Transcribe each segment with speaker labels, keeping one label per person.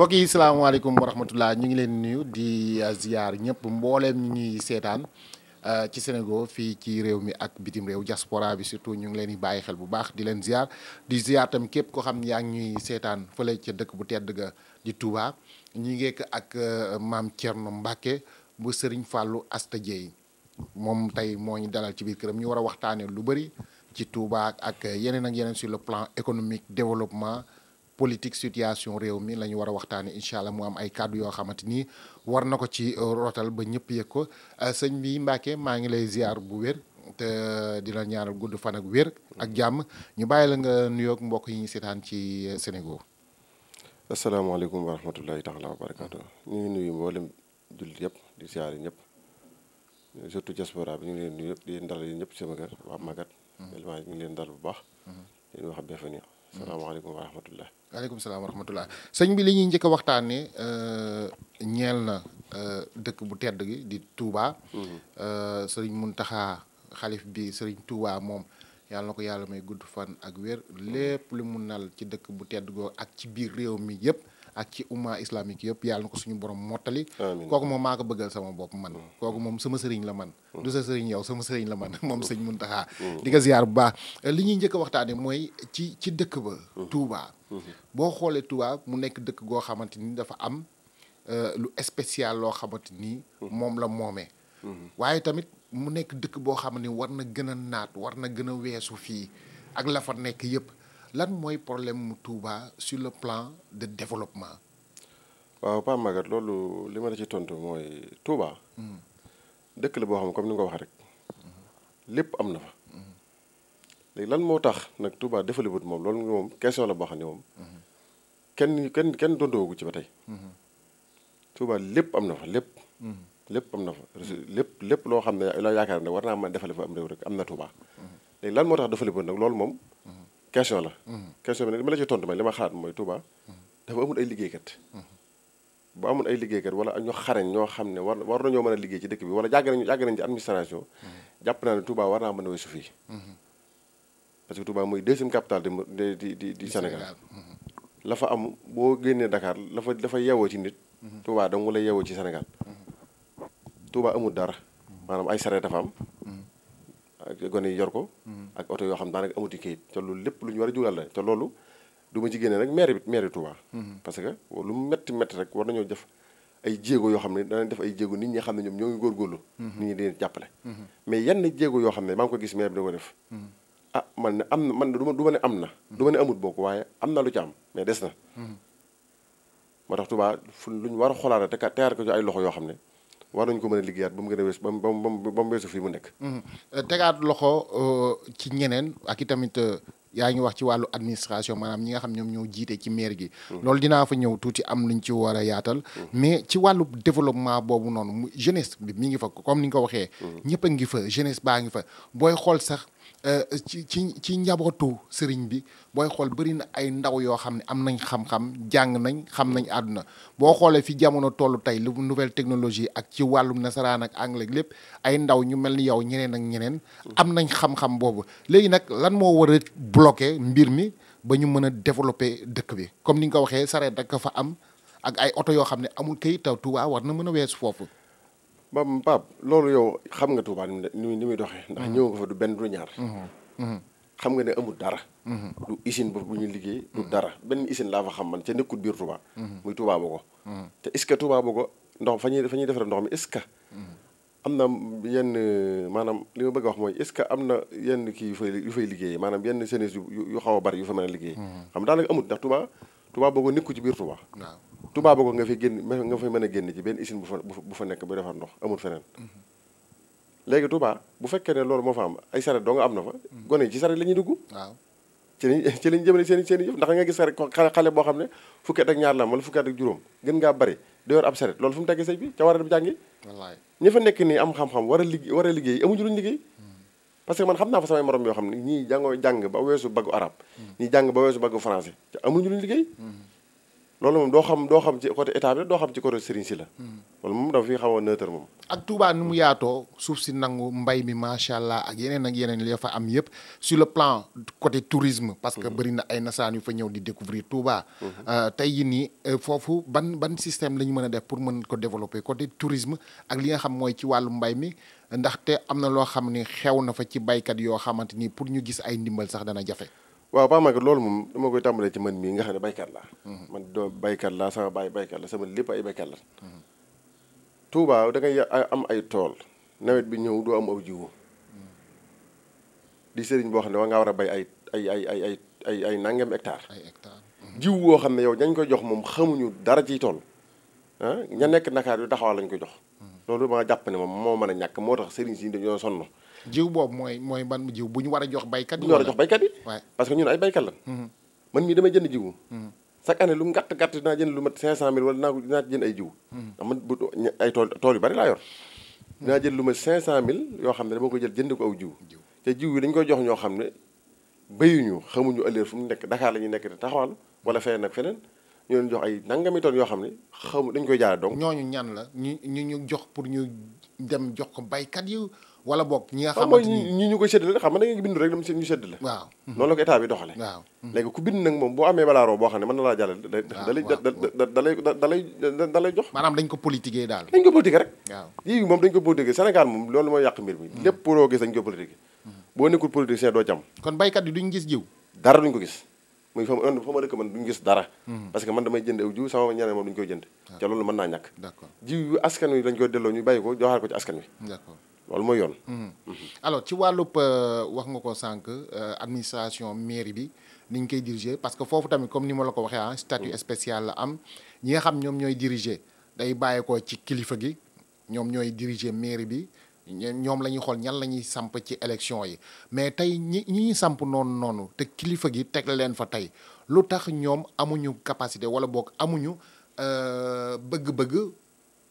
Speaker 1: mbokk yi salaamaaleykum wa rahmatullah ñu ngi leen nuyu di uh, ziar ñëpp mbooleem ñu ñuy seetaan uh, ci Sénégal fii ci réew mi ak bitim réew jaspora bi surtout ñu ngi leen di bàyyi xel bu baax di leen ziar di ziar tam képp ko xam yaa ngi ñuy seetaan fële ca dëkk bu tedd ga di Touba ñu ngeek ak uh, maam Thierno Mbacke bu sëriñ fàllu Asta Dieye moom tey moo ñu dalal ci biir këram ñu war a waxtaanee lu bëri ci Touba ak yeneen ak yeneen sur le plan économique développement. politique situation réew mi la ñu war a waxtaanee incha allah mu am ay kàddu yoo xamante ni war na ko ci euh, rotal ba ñëpp yëg ko euh, sëñ bi Mbacke maa ngi lay ziar bu wér te euh, di la ñaanal gudd fan ak wér ak jàmm ñu bàyyi la nga nuyoog mbokk yi ñu seetaan ci Sénégal.
Speaker 2: asalaamaaleykum wa rahmatulahi taala wa barakaatu ñu ngi nuyu mboolem jullit yëpp di ziar yi ñëpp surtout diaspora bi ñu leen nuyu di leen ñëpp sama mm-hmm. ñu ngi leen dal bu baax. Mm-hmm. di leen mm-hmm. wa rahmatullah waaleykum salaam
Speaker 1: wa sëñ bi li ñuy njëkk a waxtaanee euh, ñeel na euh, dëkk bu tedd gi di Touba. sëriñ taxa xalif bi sëriñ Touba moom yàlla ko yàlla may gudd fan ak wér mm-hmm. lépp lu mu nal ci dëkk bu tedd goo ak ci biir réew mi yëpp. ak ci umma islamique yëpp yàlla na ko suñu boroom mottali kooku moom maa ko bëggal sama bopp man kooku moom sama sëriñ la man mm. du sa sëriñ yow sama sëriñ la man moom sëñ Muntaxa mm. di nga ziyaar bu baax li ñuy njëkk a waxtaane mooy ci ci dëkk ba mm-hmm. Touba mm-hmm. boo xoolee Touba mu nekk dëkk goo xamante ni dafa am euh, lu spécial loo xamante ni mm-hmm. moom la moome waaye tamit mu nekk dëkk boo xam ne war na gën a naat war na gën a weesu fii ak la fa nekk yëpp lan mooy problème mu Touba sur le plan de développement.
Speaker 2: waaw Pape Maguette loolu li ma la ci tontu mooy Touba. Hmm. dëkk la boo xam comme ni nga ko waxee rek. Hmm. lépp am na fa. Hmm. léegi lan moo tax nag Touba defalibut moom loolu moom question la boo xam ne moom. kenn kenn kenn dontoogu ci ba tey. Touba lépp am na fa lépp. lépp am na fa lépp lépp loo xam ne loo yaakaar ne war naa mën defale fa am réew rek am na Touba. léegi lan moo tax defalibut nag loolu moom. question la. Mhm. question bi nag li la ci tontu ma li ma xalaat mooy Touba. dafa amul ay liggéeykat. Mhm. bu amul ay liggéeykat wala ñu xarañ ñoo xam ne war war nañoo mën a liggéey ci dëkk bi wala jàgg nañu jàgg nañu ci administration. Mhm. jàpp naa ne Touba war naa mën a weesu fii. parce que Touba mooy deuxième capitale di di di di Sénégal. la fa am boo génnee Dakar la fa dafa yeewoo ci nit. Touba dong la yeewoo ci Sénégal. amul dara. maanaam ay sareet dafa am. ak gone yi yor ko mm-hmm. ak oto yoo xam daanaka amuti kayit te loolu lépp lu ñu war a jugal la te loolu du ma ci génne rek maire bi maire Touba mm-hmm. parce que lu métti métti rek war nañoo def ay jéego yoo xam ne danañ def ay jéego nit ñi xam ne ñoom ñoo ngi góorgóorlu mm-hmm. nit ñi deen jàppale mais yenn jéego yoo xam ne maa ngi ko gis maire bi da ko def ah man ne am na man du ma du ma ne am na du ma ne amut bokk waaye am na lu ci am mais des na moo tax Touba fu lu ñu war a xolaat te tegaat ko ci ay loxo yoo xam ne war nañu ko mën a liggéeyaat ba mu gën a wees ba mu ba mu weesu fii mu nekk.
Speaker 1: Mhm. Euh, tegaat loxo euh, ci ñeneen ak itamit euh, yaa ngi wax ci wàllu administration maanaam ñi nga xam ñoom ñoo jiite ci maire gi. Mhm. loolu dinaa fa ñëw tuuti am luñ ci war a yaatal. Mhm. mais ci wàllu développement boobu noonu jeunesse bi mi ngi fa comme ni nga ko waxee. ñëpp a ngi fa jeunesse baa ngi fa booy xool sax. Euh, ci ci ci njabootu sëriñ bi booy xool bëri na ay ndaw yoo xam ne am nañ xam-xam jàng nañ xam nañ àdduna boo xoolee fi jamono tollu tey lu nouvelle technologie ak ci wàllum nasaraan ak anglais lépp ay ndaw ñu mel ni yow ñeneen ak ñeneen. am nañ xam-xam boobu léegi nag lan moo war a mbir mi ba ñu mën a développé dëkk bi comme ni nga ko waxee sareet rek fa am ak ay oto yoo xam ne amul kayit taw Touba war na mën a weesu foofu.
Speaker 2: ba Pape loolu yow xam nga tuubaa ni muy ni muy doxee. ndax mm-hmm. ñëw nga fa du benn du ñaar. Mm-hmm. Mm-hmm. xam nga ne amul dara. du usine bu ñu liggéey. du dara benn usine laa fa xam man ca nekkul biir Touba. muy Touba Bogo. te est ce que ndox fa ñuy fa ñuy defaree ndox mi est ce que. am na yenn maanaam li ma bëgg a wax mooy est que am na yenn kii yu fay yu fay liggéeyee maanaam yenn service yu xaw a bari yu fa mën a liggéey. xam daanaka amut ndax Touba Touba Bogo nekkul ci biir Touba. waaw Touba Bogo nga fi génn nga fa mën a génn ci benn usine bu fa bu fa nekk bu defar ndox amul feneen mm-hmm. léegi Touba bu fekkee ne loolu moo fa am ay saret doo nga am na fa mm-hmm. gone yi ci saret la ñuy dugg waaw ci lañ jëmale seen seen i jëf ndax nga gis saret xale boo xam ne fukki at ak ñaar la am wala fukki at ak juróom gën ngaa bari da yor ab saret loolu fu mu teggee sëñ bi ca war a dem jàngi wallaay fa nekk nii am xam-xam war a liggéey a liggéey amuñu luñ liggéey mm-hmm. parce que man xam naa fa samay morom yoo xam ne ñii jàngoo jàng ba weesu baggu arab ñii jàng ba weesu liggéey loolu moom doo xam doo xam ci côté état bi doo xam ci côté Serigne si la. loolu moom dafa fi xaw a neutre moom.
Speaker 1: ak Touba nu mu yaatoo suuf si nangu mbay mi macha allah ak yeneen ak yeneen yoo fa am yëpp sur le plan côté tourisme. parce que mm-hmm. bëri na ay nasaan yu fa ñëw di découvrir Touba. Mm-hmm. Euh, tey jii nii euh, foofu ban ban système la ñu mën a def pour mën ko développer côté tourisme ak li nga xam mooy ci wàllu mbay mi ndaxte am na loo xam ni xew na fa ci baykat yoo xamante ni pour ñu gis ay ndimbal sax dana jafe.
Speaker 2: waaw Paa mag loolu moom dama koy tàmbalee ci man mii nga xam ne baykat la mhm. man doo baykat laa sama baay baykat la sama lépp ay baykat la. Mhm. Touba da ngay am ay tool nawet bi ñëw doo am aw jiwu. Mhm. di sëriñ boo xam ne wa ngaa war a bay ay ay ay ay ay ay ay nangam jiw woo xam ne yow ñañ koy jox moom xamuñu dara ciy tool ah, ña nekk Ndakaar yu taxawaa lañ ko jox. loolu maa jàpp ne moom moo mën a ñàkk moo tax sëriñ si dañoo sonn. jiw boobu mooy mooy ban mu jiw bu ñu war a jox baykat yi. jox baykat yi. parce que ñun ay baykat la. Mm-hmm. man mii damay jënd jiw mm-hmm. chaque année lu mu gàtt gàtt dinaa jënd lu mat 500000 wala dinaa dinaa jënd ay jiwu. Mm-hmm. ndax man bu tool tool yu bari laa yor. dinaa jël lu mat 500000 yoo xam ne dama ko jël jënd ko aw jiw. te jiw yi dañ koy jox ñoo xam ne béyuñu xamuñu ëllëg fu mu nekk Dakar la ñuy nekk di taxawal wala feneen ak feneen. ñu leen jox ay nangami yoo xam ne xamu dañ koy jaaree donc.
Speaker 1: ñooñu ñan la ñu ñu ñu jox pour ñu
Speaker 2: dem jox ko baykat yi wala boog ñi nga xamante ni ñi ñu ko séddale da nga bind rek dama seen ñu séddale waaw noonu la ko état xam ne na laa jàllale rek waaw yii moom dañ ko politiquer hmm. dañ hmm. yi duñ gis jiw dara duñ ko gis muy ma fa ma dëkk man duñ gis dara hmm. parce que man koy jënd te ah. loolu mën naa ñàkk jiw yu askan wi dañ koy delloo ñu bàyyi ko joxaar ko ci askan wi loolu moo yoon. Mhm.
Speaker 1: alors ci wàllub euh, wax nga ko sànq euh, administration mairie bi ni koy diriger parce que foofu tamit comme ni ma la ko waxee ah. statut mhm. spécial la am ñi nga xam ñoom ñooy diriger day bàyyeekoo ci kilifa gi ñoom ñooy diriger mairie bi ñoom la ñuy xool ñan la ñuy samp ci élection yi mais tey ñi ñi ñuy samp noonu noonu te kilifa gi teg leen fa tey lu tax ñoom amuñu capacité wala boog amuñu euh, bëgg-bëgg.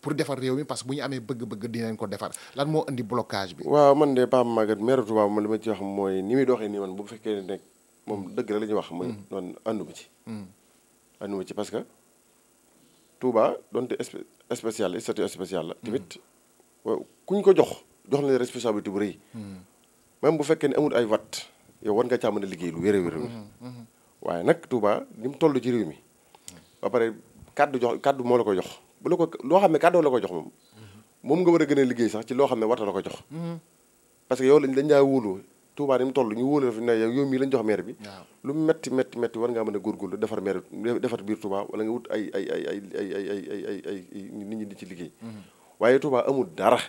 Speaker 1: pour defar réew mi parce que bu ñu amee bëgg-bëgg dinañ ko defar lan moo indi blocage
Speaker 2: bi. waaw man de Pape Maguette maire Touba man li ma ci wax mooy ni muy doxee nii man bu fekkee ne moom dëgg la la ñuy wax. Mm. man noonu ànduma ci. Mm. ànduma ci parce que Touba donte spécial la statut spécial la. tamit mm. kuñ ko jox jox la responsabilité bu rëy. même bu fekkee amul ay wat yow nga caa mën a liggéey lu wér-wér. Mm-hmm, mm-hmm. waaye nag Touba ni mu toll ci réew mi ba pare kaddu jox kàddu moo la ko jox. bu ko loo xam ne kàddoo la ko jox moom moom nga war a gën a liggéey sax ci loo xam ne warta la ko jox parce que yow lañ dañ daa wóolu Touba ni mu toll ñu wóolu dafa ne yow mii lañ jox maire bi lu metti metti metti war ngaa mën a góorgóorlu defar maire defar biir Touba wala nga wut ay ay ay ay ñi di ci liggéey waaye Touba amul dara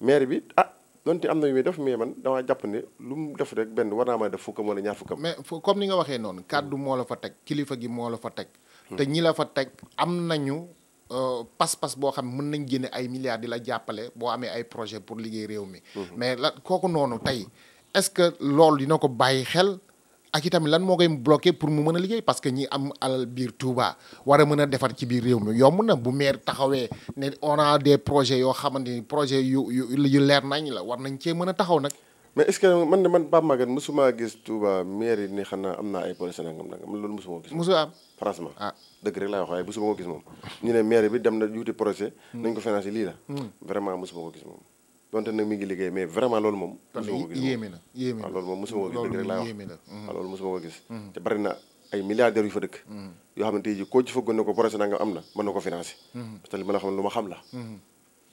Speaker 2: maire bi ah donte am na yu muy def mais man damaa jàpp ne lu mu def rek benn war naa mën a def fukkam wala ñaar fukkam
Speaker 1: mais comme ni nga waxee noonu kàddu moo la fa teg kilifa gi moo la fa teg te ñi la fa teg am nañu Euh, pas-pas boo xam mën nañ génne ay milliards di la jàppale boo amee ay projet pour liggéey réew mi. Mhm. mais la kooku noonu tey est-ce que loolu dina ko bàyyi xel. ak itam lan moo koy bloqué pour mu mën a liggéey parce que ñi am alal biir Touba war a mën a defar ci biir réew mi yomb na bu maire taxawee ne on des projets yoo xamante ni projet yu yu yu leer nañ la war nañ cee mën a taxaw nag.
Speaker 2: mais est man que man man Pape Maguette mosuma gis Touba maire yi ne am naa ay projet nangam nangam loolu mosuma gis. mosu am franchement ah. dëgg rek laay wax waaye mosuma ko gis moom ñu ne maire bi dem na yuuti projet nañ ko financé lii la hmm. vraiment mosuma ko gis moom waaw loolu moom mosuma ko gis dëgg rek laay wax hmm. waaw hmm. fa dëkk yoo xam ne tey ji ci fëggoon ne ko projet nanga am na mën na ko financé parce li ma la xam lu ma xam la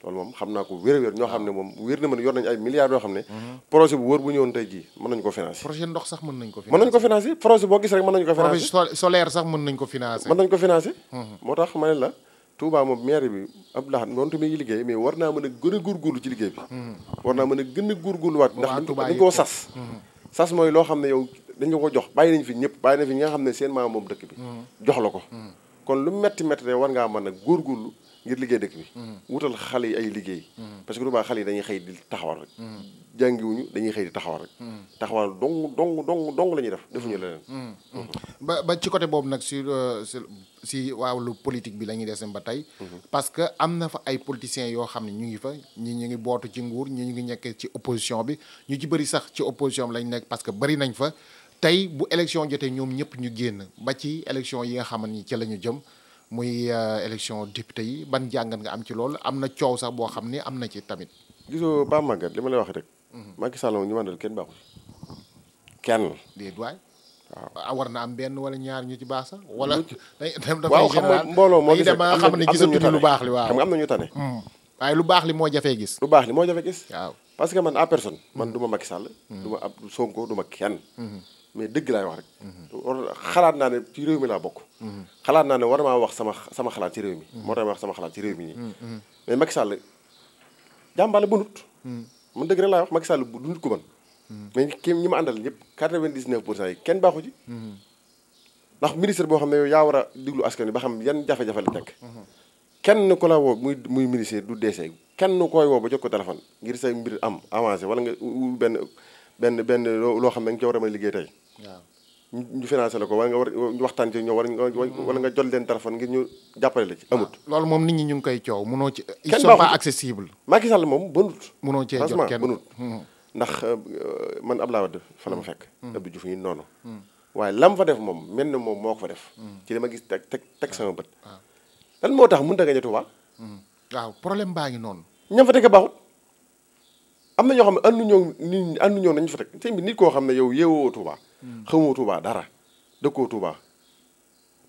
Speaker 2: loolu moom xam naa ko wér-wér ñoo xam ne moom wér na ma ne yor nañu ay milliards xam ne mhm. projet bu wóor bu ñëwoon tey jii mën nañu ko financer
Speaker 1: projet ndox sax mën nañ ko financer mën nañu ko
Speaker 2: financer projet boo mhm. moo tax ma ne la Touba moom maire bi Abdoulaye noonu tamit liggéey mais war naa mën a gën a góorgóorlu ci liggéey bi mhm. war naa mën a gën a góorgóorluwaat ndax dañ koo sas sas mooy loo xam ne yow dañ ko jox bàyyi nañ fi ñëpp bàyyi nañ fi ñi nga xam ne seen maam moom dëkk bi jox la ko kon lu metti metti de war ngaa mën a góorgóorlu ngir liggéey dëkk bi mm-hmm. wutal xale yi ay liggéey mm-hmm. parce que souvent xale yi dañuy xëy di taxawal rek mm-hmm. jàngiwuñu dañuy xëy di taxawal rek taxawal dong dong dong dong la ñuy def defuñu
Speaker 1: leneen ba ba ci côté boobu nag euh, si si waawlu politique bi la ñuy desee ba tey parce que am na fa ay politiciens yoo xam ne ñu ngi fa ñi ñu ngi bootu ci nguur ñi ñu ngi nekk ci opposition bi ñu ci bëri sax ci opposition lañ nekk parce que bëri nañ fa tey bu élection jotee ñoom ñëpp ñu génn ba ci élection yi nga xamante ni ci la jëm muy euh, élection député yi ban jàngat nga am ci loolu am na coow sax boo xam ni
Speaker 2: am na ci tamit. gisoo Ba Maguette li ma lay wax rek. Mhm. Macky Sall ñu kenn baaxul kenn. déet waay.
Speaker 1: waaw ah, war na benn wala ñaar ñu ci baax sax. wala day dem xam nga mbooloo moo gisee am xam ne gisatuñu lu baax li waaw. xam nga am na ñu tane. Mhm.
Speaker 2: waaye lu baax li moo jafee gis. lu baax li moo jafee gis. waaw parce que man a personne. man mhm. du ma Macky Sall. du ma ab Sonko du ma kenn. mais dëgg laay wax rek. xalaat naa ne ci réew mi laa bokk. xalaat naa ne war wax sama sama xalaat ci réew mi. moo tax ma wax sama xalaat ci réew mi nii. mais Macky jàmbale bu bënut. man dëgg rek laay wax Macky Sall du nit ko mën. mais ki ñi ma àndal ñëpp quatre vingt dix pour cent yi kenn baaxu ci. ndax ministre boo xam ne yow yaa war a diglu askan wi ba xam yan jafe-jafe la nekk. kenn ko la woo muy muy ministre du DC kenn koy woo ba jot ko téléphone ngir say mbir am avancé wala nga benn. benn benn loo xam ne nga ci war a mën a liggéey tey ñu financé la ko wala nga war waxtaan ci ñoom wala nga jot leen téléphone ngir ñu jàppale la ci amut
Speaker 1: loolu moom nit ñi ñu ngi koy coow munoo ci ils sont pas accessibles
Speaker 2: Macky Sall moom bënut
Speaker 1: munoo cee jot kenn bënut hmm.
Speaker 2: ndax euh, man Abdoulaye Wade fa la ma fekk hmm. Abdou Diouf ñu noonu hmm. waaye lam fa def moom mel na moom moo ko fa def ci li ma gis teg teg teg sama bët lan moo tax mënut a gañe Touba waaw problème baa ngi noonu ñam fa teg baaxut am na ñoo xam ne ànduñoo ni ànduñoo nañu fa teg sëñ bi koo xam ne yow yeewoo Touba. Hmm. xamoo Touba dara dëkkoo Touba.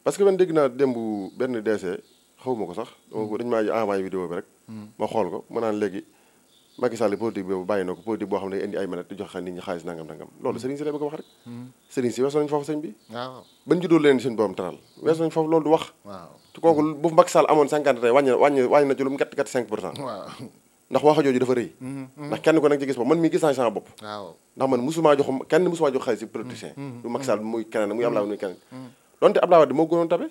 Speaker 2: parce que man dégg naa démb benn DC xaw ma ko sax hmm. dañ maa ji envoyé vidéo bi rek. Hmm. ma xool ko ma naan léegi Macky Sall politique boobu na ko politique boo xam foofu sëñ bi. waaw bañ leen suñu borom taral weesu nañu foofu loolu du wax. waaw kooku bu Macky Sall amoon cinquante tey wàññi na wàññi na ci lu mu gàtt cinq pour cent. ndax waxa jooju dafa rëy mm-hmm, mm-hmm. ndax kenn ko nag ci gis bopp man mii gis naa sama bopp waaw ndax man musumaa jox kenn musumaa jox xaalis si politicien mm-hmm, du Macky Sall muy keneen muy Abdoulaye muy keneen donte Abdoulaye Wade moo gënoon tabe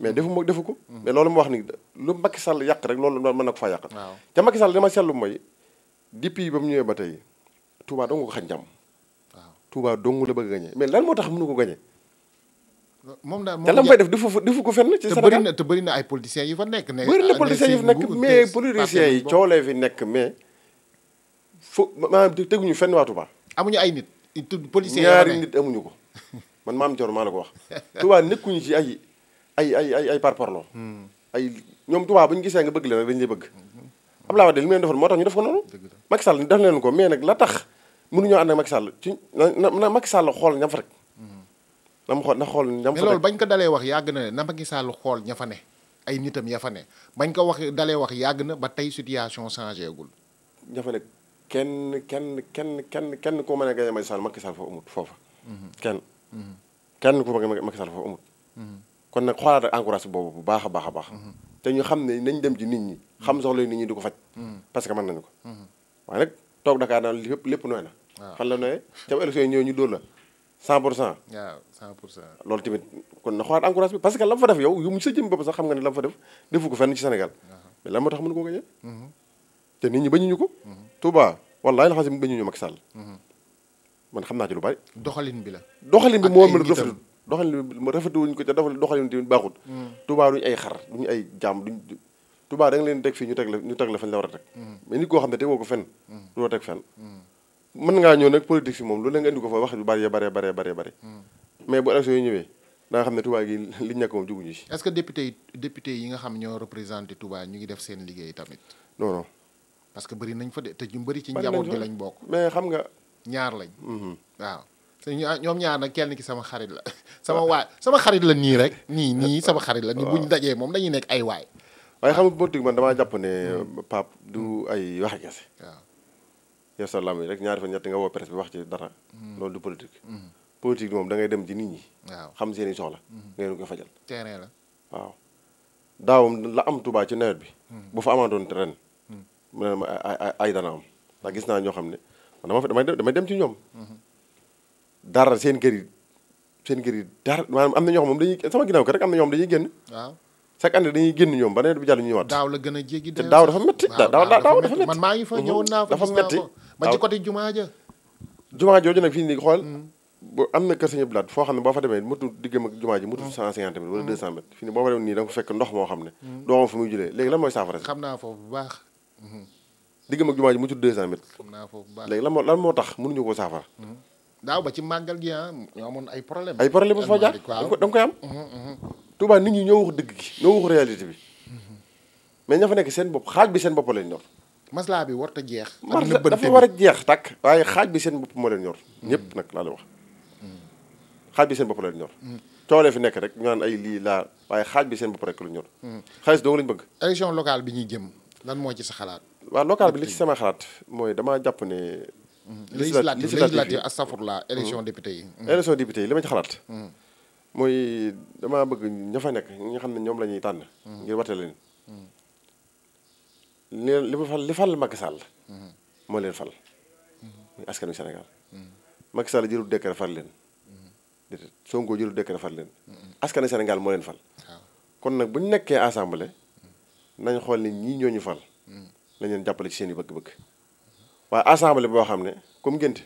Speaker 2: mais defu ma defu ko mais loolu ma wax ni lu Macky Sall yàq rek loolu mën na ko faa yàq te Macky Sall ma seetlu mooy depuis ba mu ñëwee ba tey Touba dong ko xañ jàmm Touba dong la bëgg a gañe mais lan moo tax mënu ko gañe
Speaker 1: moom daal moom fay def defu
Speaker 2: defu ko fenn ci Sénégal
Speaker 1: te bëri na ay politiciens yu fa nekk. ne bëri na politiciens yu fa
Speaker 2: nekk mais politiciens yi coolee fi nekk mais fo maanaam teguñu fenn waa Touba. amuñu ay nit policiers ñaari nit amuñu ko man maam Dior maa la ko wax. Touba nekkuñu ci ay ay ay ay ay parparloo. Hmm. ay ñoom Touba bu ñu gisee bëgg leen rek dañu bëgg. Abdoulaye Wade li mu leen defoon moo tax ñu def ko noonu. dëgg la Macky Sall def leen ko mais nag la tax mënuñoo ànd ak Macky Sall ci na na Macky Sall xool ñam fa rek dama na xool. ñam
Speaker 1: bañ ko dalee wax yàgg na ne na xool ñafane fa ay nitam ya fa ne bañ ko wax dalee wax yàgg na ba tey situation
Speaker 2: changé gul. ña fa ne kenn kenn kenn kenn kenn ku mën a gañe Macky Sall Macky Sall foofu foofa. Mhm. kenn mhm. kenn ku mën a Macky Sall foofu amut. Mhm. kon nag xoolaat ak encourage boobu bu baax a baax a baax. te ñu xam ne nañ dem ci nit ñi. xam soxla nit ñi du ko faj. parce que man nañ ko. waaye nag toog Dakar daal lépp lépp nooy na. fan la nooyee ca élection yi ñu dóor la. cent pour cent
Speaker 1: waaw cent pour
Speaker 2: loolu tamit kon na xoolaat encourage bi parce que la mu fa def yow yu mu sa jëm bopp sax xam nga ne la mu fa def defu ko fenn ci Sénégal uh-huh. mais lan moo tax mënu ko gañe mm-hmm. te nit ñi bañuñu ko mm-hmm. Touba wallaay la xasim bañuñu Macky Sall mm-hmm. man xam naa ci lu bari doxalin bi la doxalin bi moo mel rafetul doxalin bi rafetuwuñ ko te doxalin tamit baaxul mm. Touba duñu ay xar duñu ay jaam duñ Touba da nga leen teg fii ñu teg la ñu teg la fañ la war a teg mm. mais nit koo xam ne tegoo ko fenn mm. du mën na ngaa ñëw nag politique si moom lu la nga indi ko fa wax ju bari bari bari hmm. mais bu élection yi ñëwee da xam ne Touba gi li ñàkk moom juguñu si.
Speaker 1: est-ce yi député nga xam ñoo représenté Touba ñu ngi def seen liggéey tamit. non non. parce que bëri nañ fa de te ñu bëri ci njaboot gi lañ bokk.
Speaker 2: mais xam nga. ñaar lañ. Mhm.
Speaker 1: waaw te ah, ñoom ñaar nag kenn ki sama xarit la sama waay sama xarit la nii rek nii nii sama xarit la nii buñ dajee moom dañuy nekk ay waay.
Speaker 2: waaye xam nga politique man damaa jàpp ne Pape du ay waxe kese. yor sa làmmiñ rek fa ñett nga woo presse bi wax ci dara. Mm. loolu du politique. Mm. politique moom da ngay dem ci nit ñi. xam seen i soxla. nga leen ko fajal. terrain la waaw. daawam la am Touba ci nawet bi. Mm. bu fa amaatoon ren. mu ne ma ay ay dana am gis naa ñoo xam ne man dama damay dem ci ñoom. Mm-hmm. dara seen kër yi seen kër yi dara maanaam am na ñoo xam moom dañuy sama am na ñoo xam dañuy génn. waaw chaque année dañuy génn ñoom ba nawet bi jàll ñu ñëwaat. daaw la gën a jéggi te daaw dafa métti. daaw dafa métti man
Speaker 1: maa ngi fa mhm. ñëwoon naa fa. dafa métti ba ci
Speaker 2: jooju nag fii nii xool. Mm. bu am na kër ne boo fa demee matul diggam ak jumaa ji matul mm. cent cinquante mètres wala mm. deux cent mètres fii nii boo fa demee nii da nga fekk ndox moo xam ne. doo xam
Speaker 1: fu foofu baax. Mm-hmm.
Speaker 2: diggam ak jumaa ji matul deux cent mètres. xam naa foofu bu baax léegi lan moo lan moo tax munuñu ko saafara mm-hmm.
Speaker 1: daaw ba ci màggal gi ah ñoo amoon ay problème ay problème su fa jaar da nga koy am mm-hmm, mm-hmm.
Speaker 2: Touba nit ñi ñoo wax dëgg gi ñoo wax réalité bi mm-hmm. mais ña fa nekk seen bopp xaaj bi seen bopp leen ñor
Speaker 1: maslaa bi warta jeex dafa
Speaker 2: war a tàkk waaye xaaj bi seen bopp moo leen ñor ñëpp nag laa la wax xaaj bi seen bopp leen ñor coolee fi nekk rek ñu naan ay lii waaye xaaj bi seen bopp rek lu ñor xaalis dong lañ bëgg élection locale bi ñu jëm lan moo ci sa xalaat waaw locale bi li ci sama xalaat mooy damaa jàpp ne Mhm. législative législative astafurla élection député yi. Mhm. Mhm. élection député yi li ma ci xalaat. mooy damaa bëgg ña fa nekk ñi nga xam ne ñoom la ñuy tànn. ngir wate leen. li li fal li fal Macky moo leen fal. muy askanu Sénégal. Macky Sall jëlul leen. déedéet Sonko jëlul leen. askanu Sénégal moo leen fal. kon nag bu ñu nekkee assemblée. nañ xool ni ñii ñoo ñu fal. nañ leen jàppale ci seen i bëgg-bëgg. waaye assemblée boo xam ne comme ngénte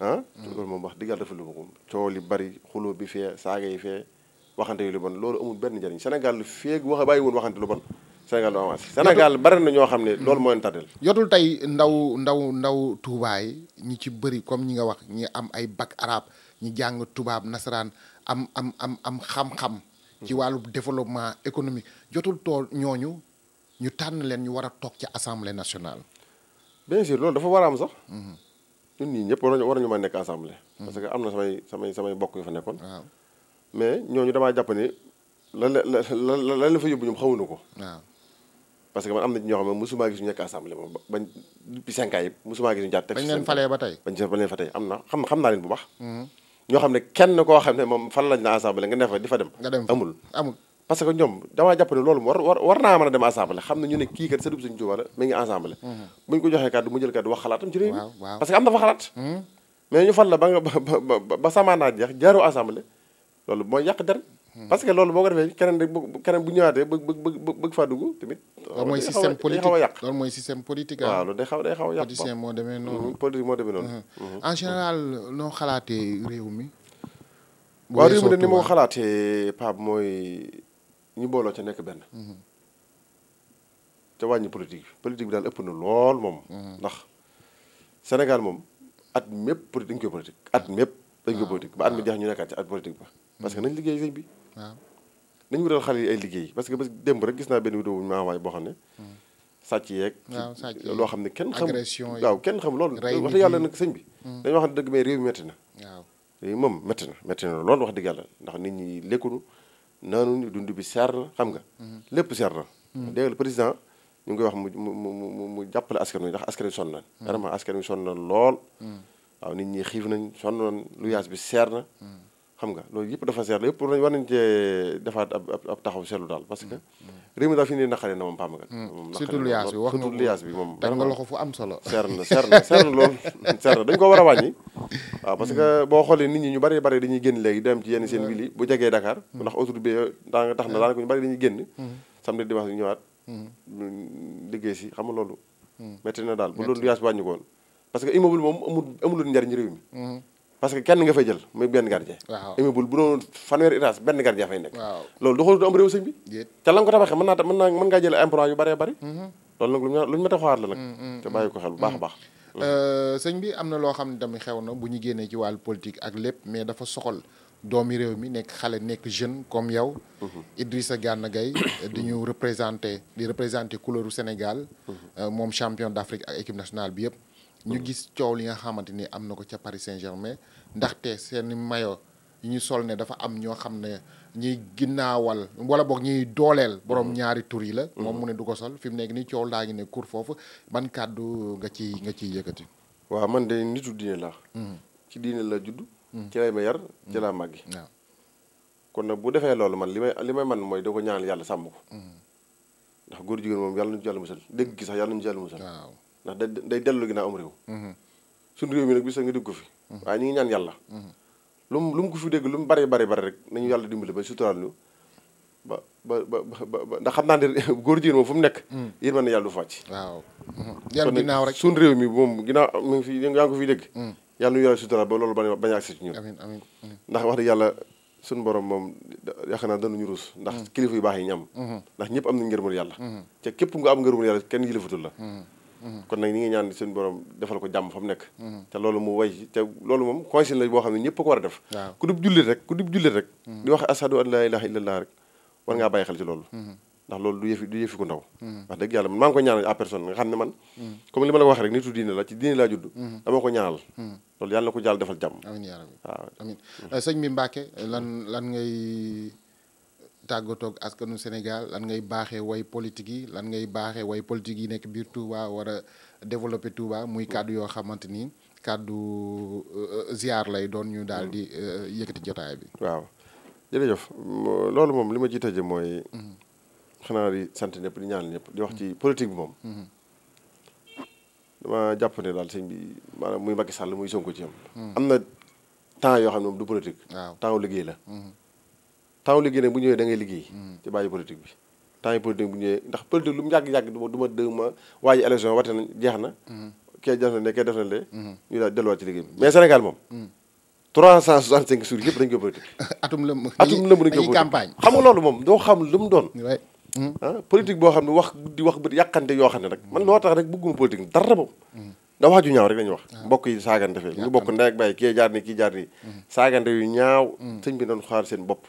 Speaker 2: ah loolu moom wax diggal dafa lu ma ko coow bari xuloo bi fee saaga yi fee waxante yu lu bon loolu amul benn njëriñ Sénégal feeg wax bàyyi woon waxante lu bon Sénégal du avancé bari na ñoo xam ne loolu moo leen tàddeel
Speaker 1: jotul tey ndaw ndaw ndaw tuubaay yi ñi ci bëri comme ñi nga wax ñi am ay bac arabe ñi jàng tubaab nasaraan am am am am xam-xam ci hmm. wàllu développement économique jotul tool ñooñu ñu tànn leen ñu war a toog ci assemblée nationale
Speaker 2: bien sûr loolu dafa war a am sax. Mhm. ñun ñii ñëpp war nañu war nañu a nekk assemblée. Mhm. parce que am na samay samay samay bokk yu fa nekkoon. mais ñooñu damaa jàpp ni lan la la lan la fa yóbbu ñoom xamuñu ko. parce que am na ñoo xam ne mosuma moom bañ depuis cinq ans yëpp mosuma gis ñu leen falee ba tey. bañ ci bañ leen tey am na xam xam naa leen bu baax. Mhm. ñoo xam ne kenn koo xam ne moom fan lañ naa assemblée nga ne fa di fa dem. nga dem amul amul. parce que ñoom damaa jàpp ne loolu war naa mën a dem assemblée xam ne ñu ne kii kat sa dub Sëñ Tuubaa ngi assemblée mm-hmm. bu ñu ko joxee kàddu mu jël kàddu wax xalaatam loolu mooy yàq der
Speaker 3: mm-hmm. parce que
Speaker 2: loolu boo ko defee keneen rek bu keneen bu ñëwaatee mooy système politique a yàq loolu mooy système politique. Ah. waaw loolu day xaw mm-hmm, moo demee noonu.
Speaker 1: en général noo xalaatee réew mi. waaw réew mi de moo
Speaker 2: xalaatee Pape mooy. ñu booloo ca nekk benn. ca wàññi politique bi politique bi daal ëpp na lool moom. ndax Sénégal moom at mépp politique dañ koy politique at mépp dañ koy ah. politique ba at mi ah. jeex ñu nekkaat ba. parce que hmm. nañ liggéey sëñ bi. waaw ah. nañ wutal ay liggéey parce que ba démb rek gis naa benn vidéo bu ñu ma boo xam ne. Hmm. sàcc yeeg. waaw sàcc loo xam ne kenn xam agression yeeg waaw kenn xam loolu. wax dëgg yàlla nag sëñ bi. Hmm. dañoo wax ne dëgg mais réew mi métti na.
Speaker 3: waaw
Speaker 2: moom métti na métti na loolu wax dëgg yàlla ndax nit ñi lekkuñu ñu dund bi seer na xam nga. lépp seer na. dégg président ñu ngi koy wax mu mu mu mu mu jàppale askan wi ndax askan wi sonn nañ. Mm. vraiment askan wi sonn nañ lool. Mm. waaw nit ñi xiif nañ sonn nañ lu yaas bi seer na. Mm. xam nga loolu yëpp dafa seer la yëpp war nañ cee defaat ab taxaw seetlu daal parce que. réew mi daal fi ne naqare na moom Pape Maguette hmm. moom surtout liaas bi wax surtout liaas bi moom teg nga loxo fu am solo seer na seer na seer na loolu seer na dañ a hmm. boo xoolee nit ñi ñu bari bari dañuy génn léegi dem ci yenn seen wili hmm. bu jegee Dakar ndax autoroute bi daa nga tax na daanaka ñu bari dañuy génn samedi dimanche ñu ñëwaat liggéey si xam nga loolu metti na daal bu loolu liaas bi wàññi ko woon parce que immeuble moom amul amulul njariñ réew mi parce que kenn nga fay jël muy benn gardien immeuble bu doon fanweeri étage benn gardien fay nekk loolu du xool du am réew sëñ bi te ko naa mën naa mën ngaa jël emprunt yu ma ta xawaat la nag mm, mm, mm.
Speaker 1: euh, bi am na loo xam ne tamit xew na bu ñu génnee ci wàllu politique ak lépp mais dafa soxal doomi réew mi nekk xale nekk jeune comme yow mhm. Idrissa Gana Gueye di ñu représenté di représenté couleuru Sénégal mhm. euh, moom champion d'Afrique ak équipe nationale bi yëpp ñu gis coow li nga xamante ni am na ko ca Paris Saint-Germain ndaxte seen mayo yi ñu sol ne dafa am ñoo xam ne ñiy ginnaawal wala boog ñuy dooleel borom mm-hmm. ñaari tur yi la. moom mm-hmm. mu ne du ko sol fi mu nekk nii coow laa ngi ne kur foofu man kàddu nga ci nga ciy yëkkati. waaw man de
Speaker 2: nitu diine la mm-hmm. ci diine la judd. ci lay ma yar ci laa màggi waaw kon nag bu defee loolu man li may li may man mooy da ko ñaanal yàlla sàmm ko. ndax góor jigéen moom yàlla nañu ci yàlla musal gi sax yàlla nañu ci yàlla ndax day day dellu ginnaaw am réew suñu réew mi nag bi ko fi waaye ñu ngi ñaan yàlla lu lu mu fi dégg lu mu bari bari bari rek nañu yàlla dimbali ba suturaal ñu ba ba ba ba ndax xam naa ne góor jigéen fu mu nekk mm. yéen mën na yàlla du fàcc waaw yàlla ginnaaw rek mi moom ginnaaw mi ngi fi yaa ngi fi dégg mm. yàlla ñu yàlla suturaal ba loolu ba bañ agsi ci ñun amiin amiin ndax wax yàlla suñu borom moom yaakaar naa danañu ruus ndax mm. kilifa yu baax yi ñu mm-hmm. ndax ñëpp am nañ ngërëmal yàlla mm-hmm. te képp nga am ngërëmal yàlla kenn yilifatul la mm-hmm. kon nag ñi ngi ñaan seen borom defal ko jàmm fa mu nekk mhm. te loolu mu way te loolu moom conseil la boo xam ne ñëpp ko war a def ku dub jullit rek ku dub jullit rek mhm. di wax ashadu laa rek war ngaa bàyyi xel ci loolu mhm. ndax loolu du yëfi du yëfi ko ndaw wax dëgg yàlla man maa ngi ko ñaanal à personne nga xam ne man comme li ma a wax rek nitu diine la ci diine laa judd dama ko ñaanal loolu yàlla ko jàll defal jàmm amiin yaa rabbi waaw amiin
Speaker 1: sëñ bi Mbacke lan lan ngay tàggatoog askanu Sénégal lan ngay baaxee way politique yi lan ngay baaxee way politique yi nekk biir Touba war a développer Touba muy kàddu yoo xamante ni kàddu euh, ziar lay doon ñu daal di mm. euh, yëkkati jotaay bi.
Speaker 2: waaw jërëjëf loolu moom li ma ciy tëjee mooy. Mm-hmm. xanaa di sant ñëpp di ñaan ñëpp di wax ci mm-hmm. politique bi moom. Mm-hmm. dama jàpp ne daal sëñ bi maanaam muy Macky Sall muy Sonko ci am. am na temps yoo xam ne moom du politique. waaw temps liggéey la. temps liggéey nag bu ñëwee da ngay liggéey ci bàyyi politique bi temps yi politique bu ñëwee ndax politique lu mu yàgg-yàgg du ma du ma dëgg ma waaye élection wate nañ jeex na kee def na ne kee def na lee ñu daal delluwaat ci liggéey bi mais Sénégal moom trois cent soixante cinq jours yëpp dañ koy politique atum lëmb atum lëmb dañ koy campagne xam nga loolu moom doo xam lu mu doon hmm. ah politique boo xam ne wax guddi wax bët yàqante yoo xam ne nag man loo tax rek bëgguma politique dara moom hmm. da wax ju ñaaw rek lañu wax ah. mbokk yi saagante fee ñu bokk ndey ak bàyyi kii jaar ni kii jaar ni hmm. saagante yu ñaaw sëñ bi doon xaar seen bopp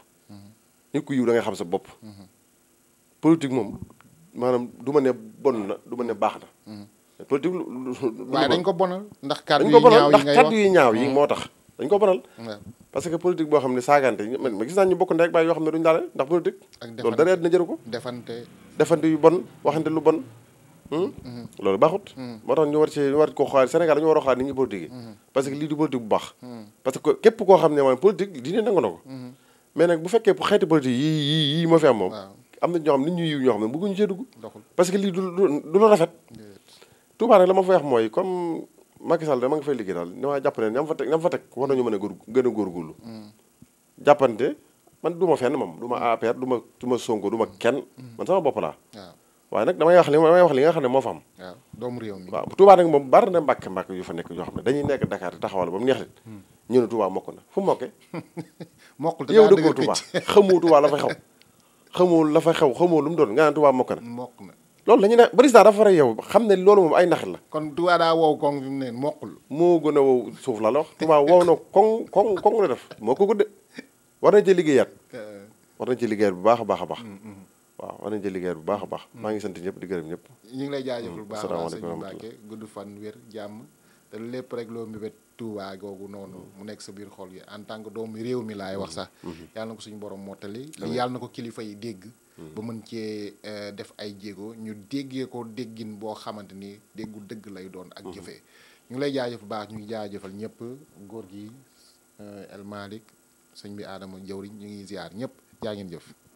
Speaker 2: nit ku yiw da xam sa bopp. politique moom maanaam du ma ne bon na du ma ne baax na. Mm-hmm. politique lu lu ko
Speaker 1: bonal ndax kàddu yu ñaaw yi ngay wax dañ ko bonal yi moo tax
Speaker 2: dañ ko bonal. parce que politique boo xam ne saagante man ma bokk ndey ak baay yoo xam ne yu bon waxante lu bon. Hmm? Mm-hmm. loolu baaxut. Mm-hmm. moo tax ñu war ci war ko xool Sénégal dañu war a xool ni ñuy politique yi. parce que lii du politique bu baax. parce que képp koo xam ne maanaam politique diine nangu na ko. mais nag bu fekkee xeeti politique yi yii yii moo am moom. am ñoo xam nit ñu yiw ñoo parce que lii du du la rafet. Touba nag la ma fa mooy comme Macky Sall dama nga fay liggéey daal ni ma jàpp ne ñam fa teg ñam fa teg war nañu mën a góor hmm. man du ma fenn moom du ma hmm. APR du ma du ma Sonko du ma hmm. kenn man sama bopp laa. waa nag damay wax li damay wax li nga xam ne moo fa am. waaw doomu réew mi. waaw Touba nag moom bari na mbàkk mbàkk yu fa nekk yoo xam ne dañuy nekk Dakar di taxawal ba mu neex leen. ñu ne mokk na fu mokkee mokkul te yow dëggoo Touba xamoo Touba la fa xew xamoo la xew xamoo lu mu doon nga naan Touba mokk na mokk loolu la ñu ne président dafa war a yow xam ne loolu moom ay nax la kon Touba daa wow koŋ fi mu ne mokkul moo gën a wow suuf la la wax Touba wow na koŋ koŋ koŋ la def moo ko gudde war nañ ci liggéeyaat war nañ ci liggéeyaat bu baax a baax a baax mm, mm. waaw war nañ ci liggéeyaat bu baax a baax mm. maa ngi sant ñëpp di gërëm ñëpp ñu ngi lay jaajëfal bu baax asalaamaaleykum
Speaker 1: gudd fan wér te lépp rek loo mébét Touba googu noonu mu nekk sa biir xool yi en tant que doomu réew mi laay wax sax mm-hmm. Mm-hmm. yàlla na ko suñu borom mottali li yàlla na ko kilifa yi dégg mm-hmm. ba mën cee eh, def ay jéego ñu déggee ko déggin boo xamante ni déggu dëgg lay doon ak jëfee ñu ngi lay jaajëf baax ñu ngi jëfal ñëpp góor gi eh, El Malick sëñ bi aadama jëwriñ ñu ngi ziar ñëpp jaa ngeen jëf